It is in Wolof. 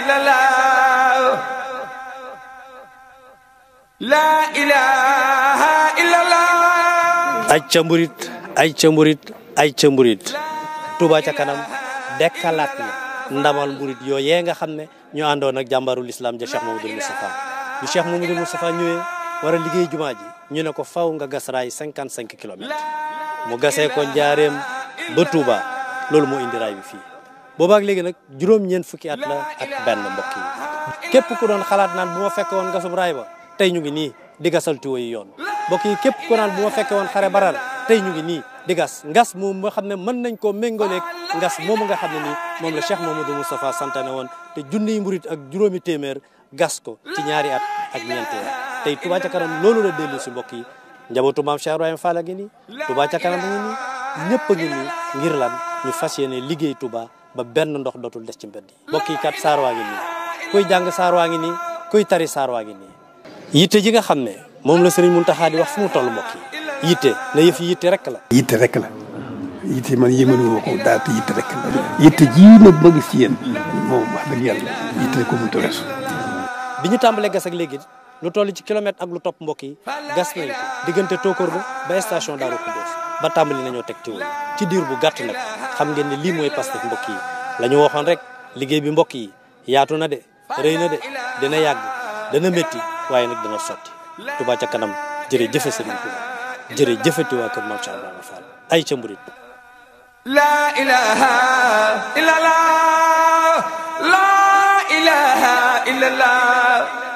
إلا الله لا إله ay ca mburit ay ca mburit ay ca mburit Touba ca kanam dekkalaat na ndamal mburit yooyee nga xam ne ñoo àndoon ak jàmbaarul islam ja Cheikh Mamadou Moustapha bi Cheikh Mamadou Moustapha ñëwee war a liggéey jumaa ji ñu ne ko faw nga gas raay 55 kilomètres mu gasee ko njaareem ba tuuba loolu moo indi raay bi fii boobaak léegi nag juróom-ñeent fukki at la ak benn mbokk yi képp ku doon xalaat naan bu ma fekke woon gasum raay ba tey ñu ngi nii di gasal tuwo yi yoon mbokk yi képp ku naan bu ma fekke woon xare baral tey ñu ngi nii di gas ngas moom nga xam ne mën nañ koo méngaleeg ngas moomu nga xam ne nii moom la Cheikh Mamadou Moustapha santane woon te junniy mburit ak juróomi téeméer gas ko ci ñaari at ak ñeenti at tey Touba ca kanam loolu la dellu si mbokk yi njabootu maam Cheikh Ibrahima Fall a ngi a ngi nii ñëpp a ngir lan ñu fas yéene liggéey Touba ba benn ndox dootul des ci mbedd yi mbokk yi kat saar waa ngi nii kuy jàng saar waa ngi nii kuy tari saar waa ngi nii yitte ji nga xam ne moom la sëriñ Muntaxa di wax fu mu toll mbokk yi yitte na yëf yitte rek la yitte rek la yitte man yéemanuma ko daal yitte rek la yitte jii nag ma gis ci yéen moom wax dëgg yàlla yitte rek ko mënta weesu bi ñu tàmbalee gas ak léegi lu toll ci kilomètre ak lu topp mbokk yi gas nañ diggante Tookoor ba ba station Daaru Xudoos ba tàmbali nañoo teg ci diir bu gàtt nag xam ngeen ne lii mooy Pastef mbokk yi la ñu waxoon rek liggéey bi mbokk yi yaatu na de rëy na de dana yàgg dana métti waaye nag dana sotti Touba ca kanam jërëjëfe Serigne Touba jërëjëfati waa kër Mame Cheikh ay ca mburit la ilaha